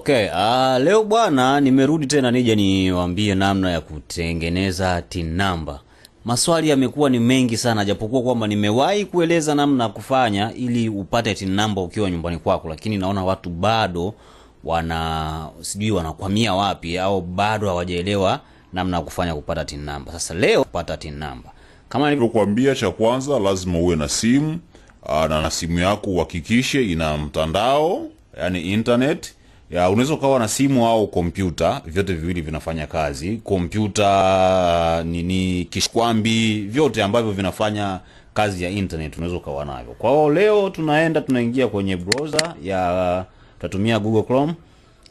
Okay, uh, leo bwana nimerudi tena nije niwaambie namna ya kutengeneza tin number. Maswali yamekuwa ni mengi sana japokuwa kwamba nimewahi kueleza namna ya kufanya ili upate tin number ukiwa nyumbani kwako, lakini naona watu bado wana sijui wanakwamia wapi au bado hawajaelewa namna ya kufanya kupata tin number. Sasa leo pata tin number. Kama nilivyokuambia, cha kwanza lazima uwe na simu ah, na na simu yako uhakikishe ina mtandao, yani internet ya unaweza ukawa na simu au kompyuta, vyote viwili vinafanya kazi. Kompyuta uh, nini, kishkwambi vyote ambavyo vinafanya kazi ya internet unaweza ukawa navyo. kwao leo tunaenda tunaingia kwenye browser ya uh, tatumia Google Chrome,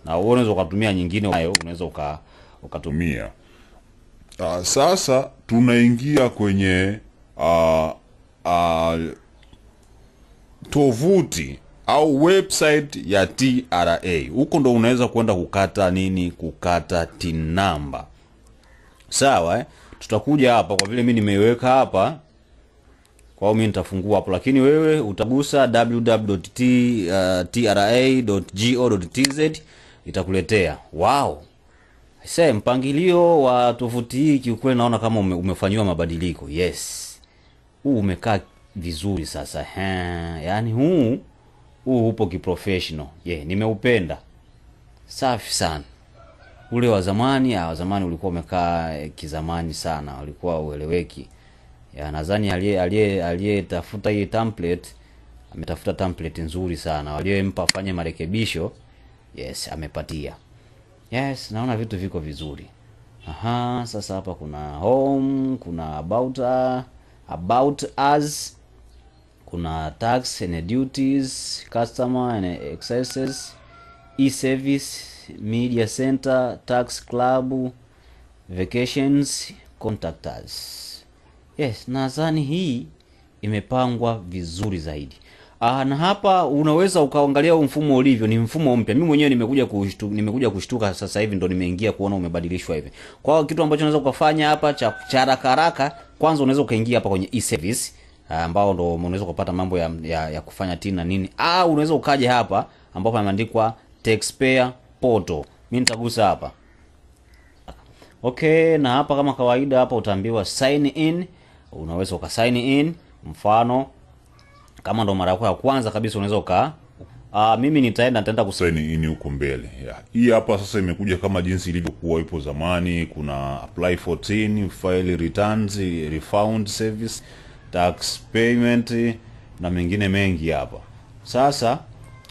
na wewe unaweza ukatumia nyingine ayo unaweza uka, ukatumia. Uh, sasa tunaingia kwenye uh, uh, tovuti au website ya TRA. Huko ndo unaweza kwenda kukata nini, kukata TIN number. Sawa eh? Tutakuja hapa kwa vile mimi nimeiweka hapa kwa mimi nitafungua hapo, lakini wewe utagusa www.tra.go.tz uh, itakuletea. Wow, sasa mpangilio wa tofuti hii kiukweli naona kama ume, umefanyiwa mabadiliko. Yes, huu umekaa vizuri sasa. Ha, yani huu huu upo kiprofessional. Ye, yeah, nimeupenda. Safi sana. Ule wa zamani, ah, wa zamani ulikuwa umekaa eh, kizamani sana, ulikuwa ueleweki. Ya nadhani aliyetafuta hii template ametafuta template nzuri sana. waliyempa afanye marekebisho, yes, amepatia. Yes, naona vitu viko vizuri. Aha, sasa hapa kuna home, kuna about uh, about us kuna tax and duties, customer and excises, e-service, media center, tax club, vacations, contact us. Yes, nadhani hii imepangwa vizuri zaidi. Aa, ah, na hapa unaweza ukaangalia mfumo ulivyo, ni mfumo mpya. Mimi mwenyewe nimekuja kushtuka, nimekuja kushtuka sasa hivi ndo nimeingia kuona umebadilishwa hivi. Kwa kitu ambacho unaweza ukafanya hapa cha haraka haraka, kwanza unaweza ukaingia hapa kwenye e-service Ah, ambao ndo unaweza kupata mambo ya, ya, ya kufanya tini na nini, au ah, unaweza ukaja hapa ambapo pameandikwa taxpayer poto Mimi nitagusa hapa okay, na hapa kama kawaida hapa utaambiwa sign in. Unaweza uka sign in, mfano kama ndo mara yako ya kwanza kabisa unaweza uka Uh, mimi nitaenda nitaenda ku sign in huko mbele. Yeah. Hii hapa sasa imekuja kama jinsi ilivyokuwa ipo zamani, kuna apply for tin, file returns, refund service tax payment na mengine mengi hapa. Sasa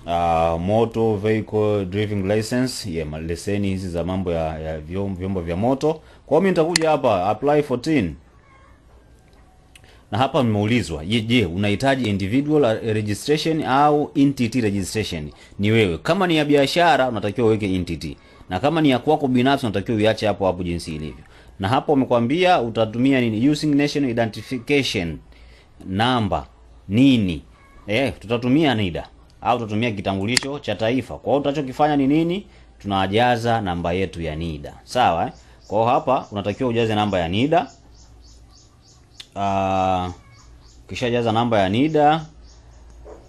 uh, moto vehicle driving license ya yeah, leseni hizi za mambo ya, ya vyombo vya moto. Kwa hiyo mimi nitakuja hapa apply 14 na hapa nimeulizwa, je, unahitaji individual uh, registration au entity registration? Ni wewe. Kama ni ya biashara unatakiwa uweke entity, na kama ni ya kwako binafsi unatakiwa uiache hapo hapo jinsi ilivyo. Na hapo wamekwambia utatumia nini? Using national identification namba nini, eh, tutatumia NIDA au tutatumia kitambulisho cha taifa. Kwa hiyo tunachokifanya ni nini? Tunajaza namba yetu ya NIDA sawa, eh? Kwa hiyo hapa unatakiwa ujaze namba ya NIDA. Uh, ah, jaza namba ya NIDA,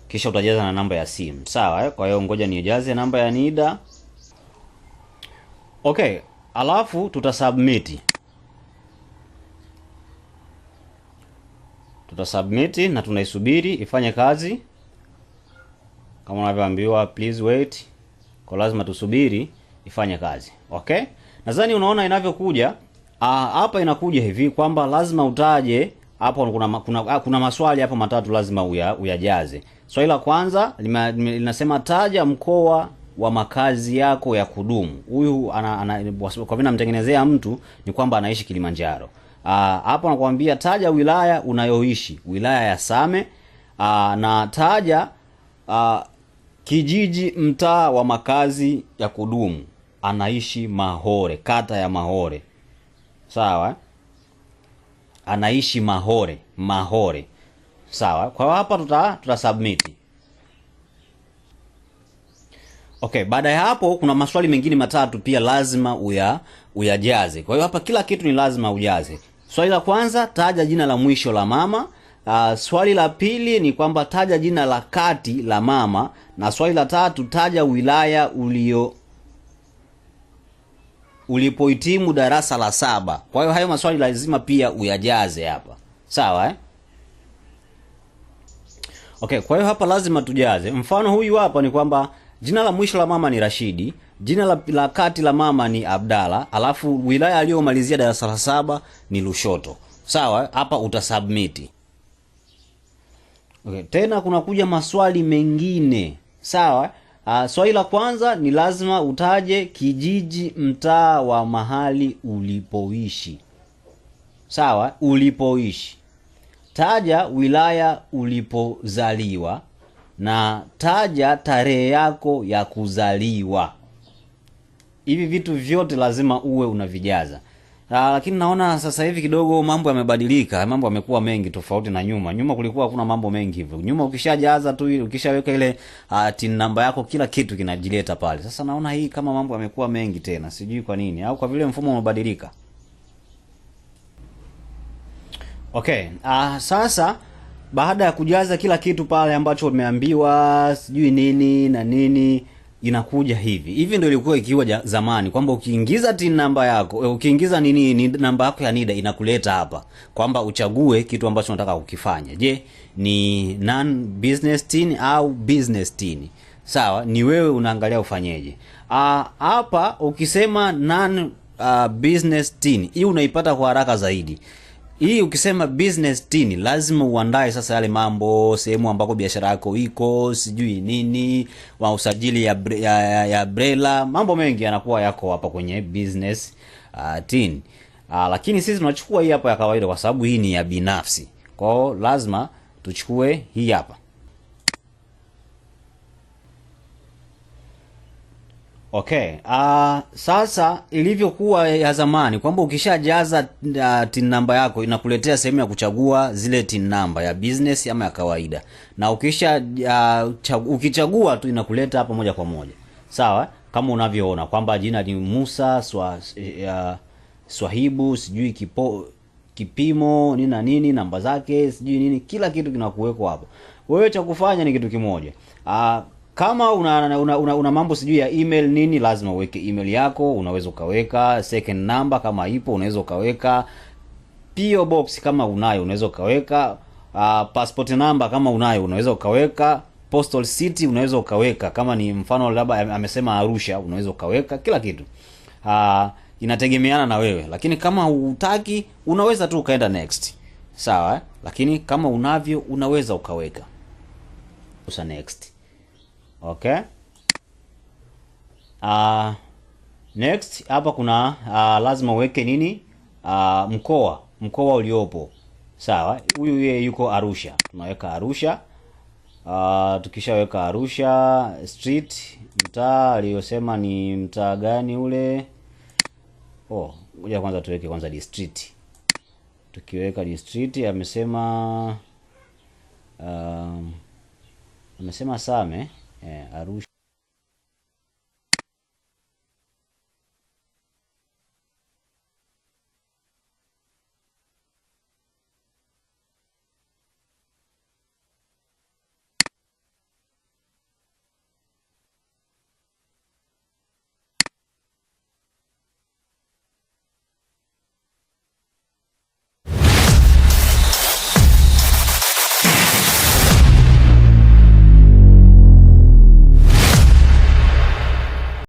kisha utajaza na namba ya simu sawa, eh? Kwa hiyo ngoja nijaze namba ya NIDA. Okay, alafu tutasubmit. tutasubmit na tunaisubiri ifanye kazi kama unavyoambiwa, please wait, kwa lazima tusubiri ifanye kazi. Okay, nadhani unaona inavyokuja ah, hapa. Inakuja hivi kwamba lazima utaje hapo kuna, kuna, ah, kuna maswali hapo matatu lazima uya, uyajaze. Swali so, la kwanza linasema taja mkoa wa makazi yako ya kudumu. Huyu ana, ana, kwa vile namtengenezea mtu ni kwamba anaishi Kilimanjaro. Ah, hapo anakuambia taja wilaya unayoishi, wilaya ya Same aa, ah, na taja aa, ah, kijiji, mtaa wa makazi ya kudumu anaishi Mahore, kata ya Mahore, sawa anaishi Mahore, Mahore, sawa. Kwa hapa tuta tuta submiti Okay, baada ya hapo kuna maswali mengine matatu pia lazima uya uyajaze. Kwa hiyo hapa kila kitu ni lazima ujaze. Swali la kwanza, taja jina la mwisho la mama. Uh, swali la pili ni kwamba taja jina la kati la mama, na swali la tatu, taja wilaya ulio ulipohitimu darasa la saba. Kwa hiyo hayo maswali lazima pia uyajaze hapa, sawa eh? Okay, kwa hiyo hapa lazima tujaze. Mfano huyu hapa ni kwamba Jina la mwisho la mama ni Rashidi, jina la, la kati la mama ni abdala alafu wilaya aliyomalizia darasa la saba ni Lushoto. Sawa, hapa utasubmit. Okay, tena kuna kuja maswali mengine sawa. Uh, swali la kwanza ni lazima utaje kijiji, mtaa wa mahali ulipoishi sawa, ulipoishi. Taja wilaya ulipozaliwa na taja tarehe yako ya kuzaliwa. Hivi vitu vyote lazima uwe unavijaza. Aa, ah, lakini naona sasa hivi kidogo mambo yamebadilika, mambo yamekuwa mengi tofauti na nyuma. Nyuma kulikuwa kuna mambo mengi hivyo. Nyuma ukishajaza tu, ukishaweka ile uh, tin namba yako, kila kitu kinajileta pale. Sasa naona hii kama mambo yamekuwa mengi tena, sijui kwa nini, au kwa vile mfumo umebadilika. Okay, uh, sasa baada ya kujaza kila kitu pale ambacho umeambiwa sijui nini na nini inakuja hivi hivi. Ndio ilikuwa ikiwa zamani kwamba ukiingiza tin namba yako eh, ukiingiza nini ni namba yako ya NIDA inakuleta hapa kwamba uchague kitu ambacho unataka kukifanya. Je, ni non business tin au business tin? Sawa, ni wewe unaangalia ufanyeje. Ah, hapa ukisema non uh, ah, business tin hii unaipata kwa haraka zaidi. Hii ukisema business tini, lazima uandae sasa yale mambo, sehemu ambako biashara yako iko, sijui nini, wa usajili ya, ya, ya, ya BRELA. Mambo mengi yanakuwa yako hapa kwenye business uh, ah, tini. Uh, ah, lakini sisi tunachukua hii hapa ya kawaida kwa sababu hii ni ya binafsi. kwao lazima tuchukue hii hapa. Okay. Uh, sasa ilivyokuwa ya zamani kwamba ukishajaza uh, tin namba yako inakuletea sehemu ya kuchagua zile tin namba ya business ama ya kawaida, na ukisha uh, ukichagua tu inakuleta hapa moja kwa moja, sawa kama unavyoona kwamba jina ni Musa swa, uh, Swahibu sijui kipo, kipimo nini na nini namba zake sijui nini, kila kitu kinakuwekwa hapo. Wewe cha kufanya ni kitu kimoja uh, kama una, una, una, una una mambo sijui ya email nini, lazima uweke email yako. Unaweza ukaweka second number kama ipo, unaweza ukaweka PO box kama unayo, unaweza ukaweka uh, passport number kama unayo, unaweza ukaweka postal city, unaweza ukaweka kama ni mfano labda amesema Arusha, unaweza ukaweka kila kitu uh, inategemeana na wewe, lakini kama hutaki unaweza tu ukaenda next, sawa eh? Lakini kama unavyo unaweza ukaweka usa next. Okay. Uh, next hapa kuna uh, lazima uweke nini uh, mkoa mkoa uliopo sawa. Huyu yeye yuko Arusha, tunaweka Arusha. Uh, tukishaweka Arusha street, mtaa aliyosema ni mtaa gani ule? Oh, ngoja kwanza tuweke kwanza di street. Tukiweka di street amesema um, amesema Same 哎，阿鲁。